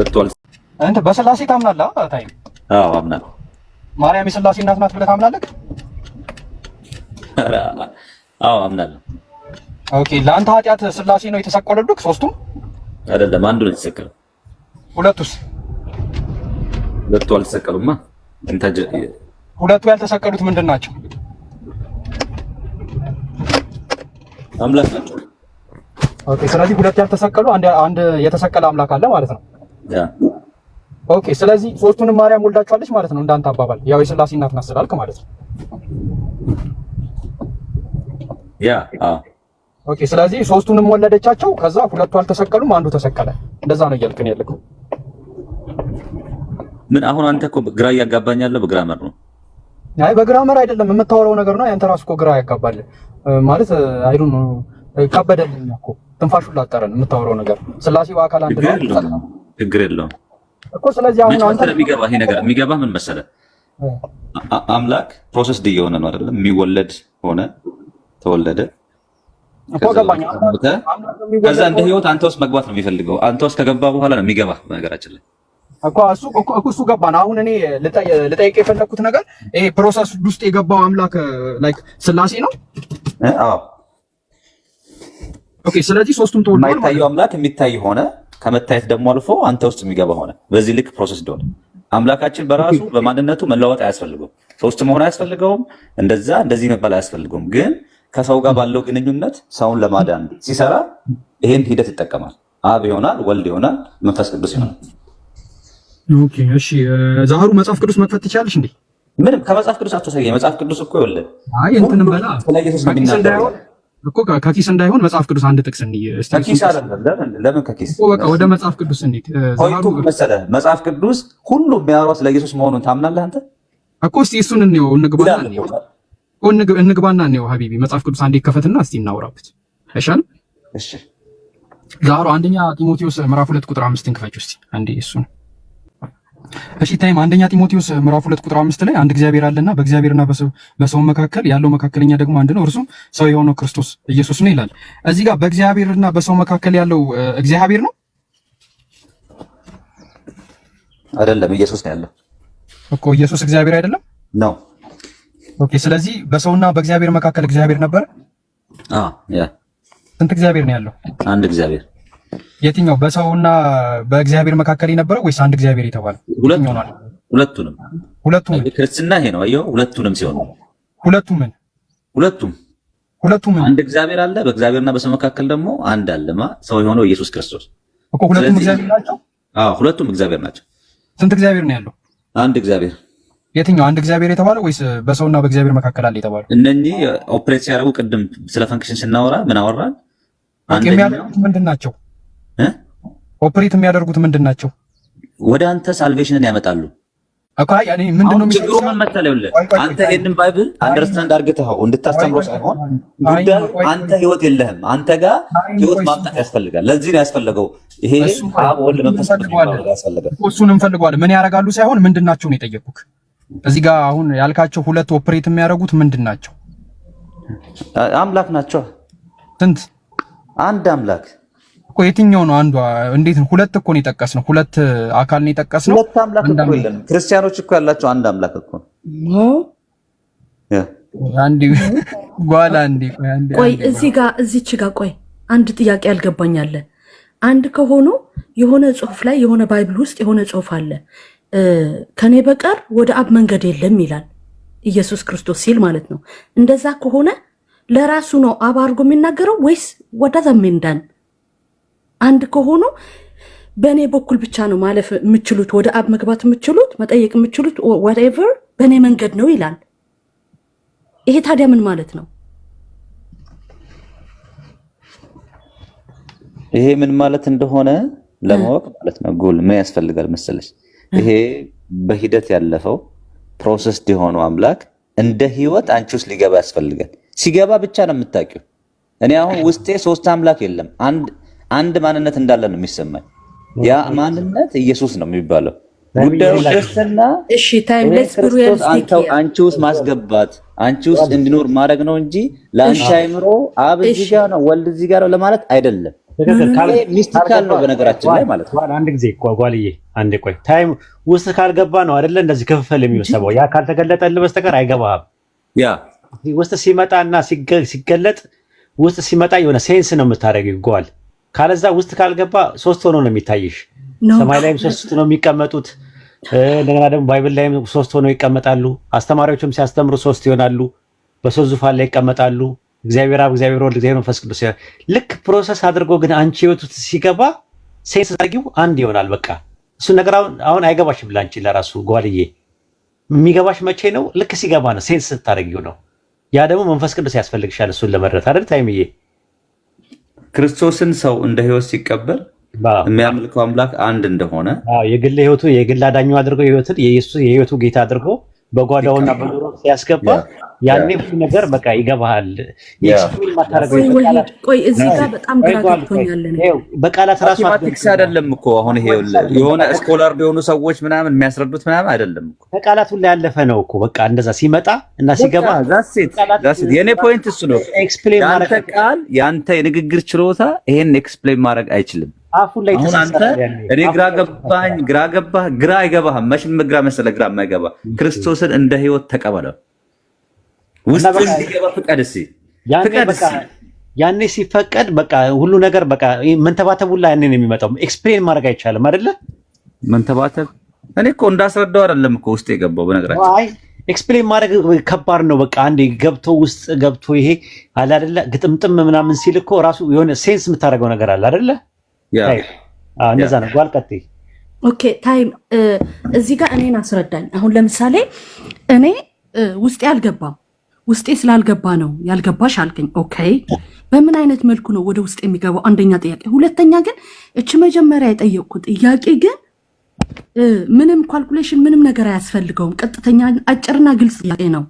ወጥቷል። አንተ በስላሴ ታምናለህ? ታይ አዎ አምናለሁ። ማርያም የስላሴ እናት ናት ብለህ ታምናለህ? አዎ አምናለሁ። ኦኬ ለአንተ ኃጢአት ስላሴ ነው የተሰቀለልህ? ሶስቱም አይደለም፣ አንዱ ነው የተሰቀለው። ሁለቱስ? ሁለቱ አልተሰቀሉማ። ሁለቱ ያልተሰቀሉት ምንድን ናቸው? አምላክ ናቸው። ኦኬ ስለዚህ ሁለቱ ያልተሰቀሉ አንድ የተሰቀለ አምላክ አለ ማለት ነው። ኦኬ። ስለዚህ ሶስቱንም ማርያም ወልዳችኋለች ማለት ነው፣ እንዳንተ አባባል ያው የስላሴ እናት ናት ስላልክ ማለት ነው። ያ ኦኬ። ስለዚህ ሶስቱንም ወለደቻቸው፣ ከዛ ሁለቱ አልተሰቀሉም፣ አንዱ ተሰቀለ። እንደዛ ነው እያልክን ያልከው ምን? አሁን አንተ እኮ ግራ እያጋባኛለህ። በግራመር ነው? አይ በግራመር አይደለም የምታወራው ነገር ነው። ያንተ ራስህ እኮ ግራ ያጋባል ማለት ዶንት ኖ ከበደልኝ እኮ ትንፋሹን ላጠረን የምታወራው ነገር ስላሴ በአካል አንድ ነው። ችግር የለውም እኮ። ስለዚህ አሁን አንተ የሚገባ ይሄ ነገር የሚገባ ምን መሰለ አምላክ ፕሮሰስ ዲ የሆነ ነው አይደለም? የሚወለድ ሆነ ተወለደ። ከዛ እንደ ህይወት አንተ ውስጥ መግባት ነው የሚፈልገው። አንተ ውስጥ ከገባ በኋላ ነው የሚገባ። በነገራችን ላይ እሱ ገባን። አሁን እኔ ልጠይቅ የፈለግኩት ነገር ይሄ ፕሮሰስ ውስጥ የገባው አምላክ ላይክ ስላሴ ነው። አዎ ኦኬ። ስለዚህ ሶስቱም ተወልደዋል። የማይታየው አምላክ የሚታይ ሆነ ከመታየት ደግሞ አልፎ አንተ ውስጥ የሚገባ ሆነ። በዚህ ልክ ፕሮሰስ እንደሆነ አምላካችን በራሱ በማንነቱ መለወጥ አያስፈልገውም። ሶስት መሆን አያስፈልገውም። እንደዛ እንደዚህ መባል አያስፈልገውም። ግን ከሰው ጋር ባለው ግንኙነት ሰውን ለማዳን ሲሰራ ይሄን ሂደት ይጠቀማል። አብ ይሆናል፣ ወልድ ይሆናል፣ መንፈስ ቅዱስ ይሆናል። እሺ መጽሐፍ ቅዱስ መጥፈት ትችላለሽ እንዴ? ምንም ከመጽሐፍ ቅዱስ አትወሰኝ። መጽሐፍ ቅዱስ እኮ ይወልድ ስለኢየሱስ ነው የሚናገረው እኮ ከኪስ እንዳይሆን መጽሐፍ ቅዱስ አንድ ጥቅስ እንይ። ለምን ከኪስ በቃ ወደ መጽሐፍ ቅዱስ እንሂድ። ሆይቱ መሰለህ መጽሐፍ ቅዱስ ሁሉም የሚያወራው ስለ ኢየሱስ መሆኑን ታምናለህ አንተ እኮ። እስቲ እሱን እንየው እንግባና እንግባና እንየው ሀቢቢ መጽሐፍ ቅዱስ አንዴ ከፈትና እስቲ እናውራበት አይሻልም? እሺ ዛሮ አንደኛ ጢሞቴዎስ ምዕራፍ ሁለት ቁጥር አምስትን ክፈች እስቲ አንዴ እሱን እሺ ታይም አንደኛ ጢሞቴዎስ ምዕራፍ ሁለት ቁጥር አምስት ላይ አንድ እግዚአብሔር አለና በእግዚአብሔርና በሰው መካከል ያለው መካከለኛ ደግሞ አንድ ነው፣ እርሱም ሰው የሆነው ክርስቶስ ኢየሱስ ነው ይላል። እዚህ ጋር በእግዚአብሔርና በሰው መካከል ያለው እግዚአብሔር ነው አይደለም? ኢየሱስ ነው ያለው እኮ። ኢየሱስ እግዚአብሔር አይደለም ነው? ኦኬ። ስለዚህ በሰውና በእግዚአብሔር መካከል እግዚአብሔር ነበር። አዎ። ያ ስንት እግዚአብሔር ነው ያለው? አንድ እግዚአብሔር የትኛው በሰውና በእግዚአብሔር መካከል የነበረው ወይስ አንድ እግዚአብሔር የተባለ ሁለቱንም ሁለቱም ክርስትና ይሄ ነው። ሁለቱንም ሲሆን ሁለቱም ሁለቱም ሁለቱም አንድ እግዚአብሔር አለ። በእግዚአብሔርና በሰው መካከል ደግሞ አንድ አለማ ሰው የሆነው ኢየሱስ ክርስቶስ እኮ። ሁለቱም እግዚአብሔር ናቸው። አዎ፣ ሁለቱም እግዚአብሔር ናቸው። ስንት እግዚአብሔር ነው ያለው? አንድ እግዚአብሔር። የትኛው አንድ እግዚአብሔር የተባለ ወይስ በሰውና በእግዚአብሔር መካከል አለ የተባለው? እነኚህ ኦፕሬት ሲያደርጉ ቅድም ስለ ፈንክሽን ስናወራ ምን አወራን? አንደኛው ምንድን ናቸው ኦፕሬት የሚያደርጉት ምንድን ናቸው? ወደ አንተ ሳልቬሽንን ያመጣሉ። አንተ ይህንን ባይብል አንደርስታንድ አርግተኸው እንድታስተምሮ ሳይሆን ጉዳዩ አንተ ህይወት የለህም። አንተ ጋር ህይወት ማምጣት ያስፈልጋል። ለዚህ ነው ያስፈለገው። ይሄ ወልድ መንፈስ እሱን እንፈልገዋለን። ምን ያደርጋሉ ሳይሆን ምንድን ናቸው ነው የጠየቁክ። እዚህ ጋር አሁን ያልካቸው ሁለት ኦፕሬት የሚያደርጉት ምንድን ናቸው? አምላክ ናቸው። ስንት? አንድ አምላክ እኮ የትኛው ነው አንዷ? እንዴት ነው ሁለት እኮ ነው የጠቀስነው፣ ሁለት አካል ነው የጠቀስነው። ሁለት አምላክ እኮ የለንም። ክርስቲያኖች እኮ ያላቸው አንድ አምላክ እኮ ነው። አንዴ ጓላ አንዴ ቆይ፣ እዚህ ጋር እዚች ጋር ቆይ፣ አንድ ጥያቄ ያልገባኛለ። አንድ ከሆኑ የሆነ ጽሁፍ ላይ የሆነ ባይብል ውስጥ የሆነ ጽሁፍ አለ፣ ከኔ በቀር ወደ አብ መንገድ የለም ይላል ኢየሱስ ክርስቶስ ሲል ማለት ነው። እንደዛ ከሆነ ለራሱ ነው አብ አድርጎ የሚናገረው ወይስ ወደ ዘሜንዳን አንድ ከሆኑ በእኔ በኩል ብቻ ነው ማለፍ የምችሉት፣ ወደ አብ መግባት የምችሉት፣ መጠየቅ የምችሉት ወትኤቨር በእኔ መንገድ ነው ይላል። ይሄ ታዲያ ምን ማለት ነው? ይሄ ምን ማለት እንደሆነ ለማወቅ ማለት ነው ጉል ምን ያስፈልጋል መሰለች? ይሄ በሂደት ያለፈው ፕሮሰስ የሆነው አምላክ እንደ ህይወት አንቺ ውስጥ ሊገባ ያስፈልጋል። ሲገባ ብቻ ነው የምታውቂው። እኔ አሁን ውስጤ ሶስት አምላክ የለም አንድ አንድ ማንነት እንዳለ ነው የሚሰማኝ። ያ ማንነት ኢየሱስ ነው የሚባለው። ጉዳዩ ክርስትና አንቺ ውስጥ ማስገባት አንቺ ውስጥ እንዲኖር ማድረግ ነው እንጂ ለአንቺ አይምሮ አብ እዚህ ጋ ነው ወልድ እዚህ ጋር ነው ለማለት አይደለም። ሚስቲካል ነው በነገራችን ላይ ማለት ነው። አንድ ጊዜ ጓጓልዬ አንድ ቆይ ታይም ውስጥ ካልገባ ነው አይደለ እንደዚህ ክፍፍል የሚወሰበው ያ ካልተገለጠልህ በስተቀር አይገባህም። ያ ውስጥ እና ሲገለጥ ውስጥ ሲመጣ የሆነ ሴንስ ነው የምታደርገው ይጓል ካለዛ ውስጥ ካልገባ ሶስት ሆኖ ነው የሚታይሽ። ሰማይ ላይም ሶስት ነው የሚቀመጡት። እንደገና ደግሞ ባይብል ላይም ሶስት ሆኖ ይቀመጣሉ። አስተማሪዎችም ሲያስተምሩ ሶስት ይሆናሉ፣ በሶስት ዙፋን ላይ ይቀመጣሉ። እግዚአብሔር አብ፣ እግዚአብሔር ወልድ፣ እግዚአብሔር መንፈስ ቅዱስ። ልክ ፕሮሰስ አድርጎ ግን አንቺ ህይወት ውስጥ ሲገባ ሴንስ አድርጊው አንድ ይሆናል። በቃ እሱ ነገር አሁን አሁን አይገባሽም ላንቺ ለራሱ ጓልዬ። የሚገባሽ መቼ ነው? ልክ ሲገባ ነው፣ ሴንስ ስታደርጊው ነው። ያ ደግሞ መንፈስ ቅዱስ ያስፈልግሻል እሱን ለመረዳት አደል ታይምዬ ክርስቶስን ሰው እንደ ህይወት ሲቀበል የሚያመልከው አምላክ አንድ እንደሆነ የግል ህይወቱ የግል አዳኙ አድርገው የህይወትን የኢየሱስ የህይወቱ ጌታ አድርገው በጓዳውና በኑሮ ሲያስገባ ያኔ ብዙ ነገር በቃ ይገባሃል። ቆይ እዚህ ጋር በጣም ግራ ገብቶኛል። በቃላት ራሱ ማቲክስ አይደለም እኮ አሁን ይሄ የሆነ ስኮላር የሆኑ ሰዎች ምናምን የሚያስረዱት ምናምን አይደለም እኮ በቃላት ሁላ ያለፈ ነው እኮ በቃ እንደዛ ሲመጣ እና ሲገባ የእኔ ፖይንት እሱ ነው። ኤክስፕሌን ቃል የአንተ የንግግር ችሎታ ይሄን ኤክስፕሌን ማድረግ አይችልም። አፉን ላይ አሁን አንተ እኔ ግራ ገባኝ፣ ግራ ገባህ፣ ግራ አይገባህም። መሽን ግራ መሰለህ ግራ የማይገባህ ክርስቶስን እንደ ህይወት ተቀበለው ውስጥ እንዲገባ ፍቃድ እስኪ ያኔ ሲፈቀድ በቃ ሁሉ ነገር በቃ መንተባተቡላ ያኔ ነው የሚመጣው። ኤክስፕሌን ማድረግ አይቻልም አይደለ? መንተባተብ እኔ እኮ እንዳስረዳው አይደለም እኮ ውስጥ የገባው በነገራችን። ኤክስፕሌን ማድረግ ከባድ ነው። በቃ አንዴ ገብቶ ውስጥ ገብቶ ይሄ አለ አይደለ? ግጥምጥም ምናምን ሲል እኮ ራሱ የሆነ ሴንስ የምታደርገው ነገር አለ አይደለ? ያ ነው። ጓል ኦኬ ታይም እዚህ ጋር እኔን አስረዳኝ። አሁን ለምሳሌ እኔ ውስጤ አልገባም ውስጤ ስላልገባ ነው ያልገባሽ አልገኝ። ኦኬ፣ በምን አይነት መልኩ ነው ወደ ውስጥ የሚገባው? አንደኛ ጥያቄ። ሁለተኛ ግን እች መጀመሪያ የጠየቅኩ ጥያቄ ግን ምንም ካልኩሌሽን ምንም ነገር አያስፈልገውም። ቀጥተኛ፣ አጭርና ግልጽ ጥያቄ ነው።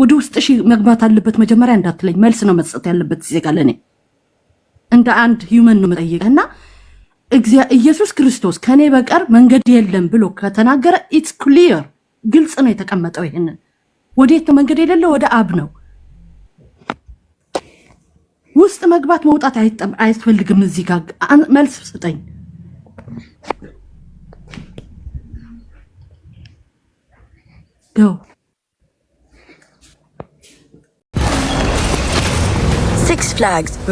ወደ ውስጥሽ መግባት አለበት መጀመሪያ እንዳትለኝ፣ መልስ ነው መስጠት ያለበት ዜጋ። ለእኔ እንደ አንድ ሂውመን ነው መጠየቅ እና ኢየሱስ ክርስቶስ ከእኔ በቀር መንገድ የለም ብሎ ከተናገረ ኢትስ ክሊየር ግልጽ ነው የተቀመጠው ይህንን ወዴት ነው መንገድ የሌለው ወደ አብ ነው። ውስጥ መግባት መውጣት አያስፈልግም። እዚህ ጋ መልስ ስጠኝ። ሲክስ ፍላግስ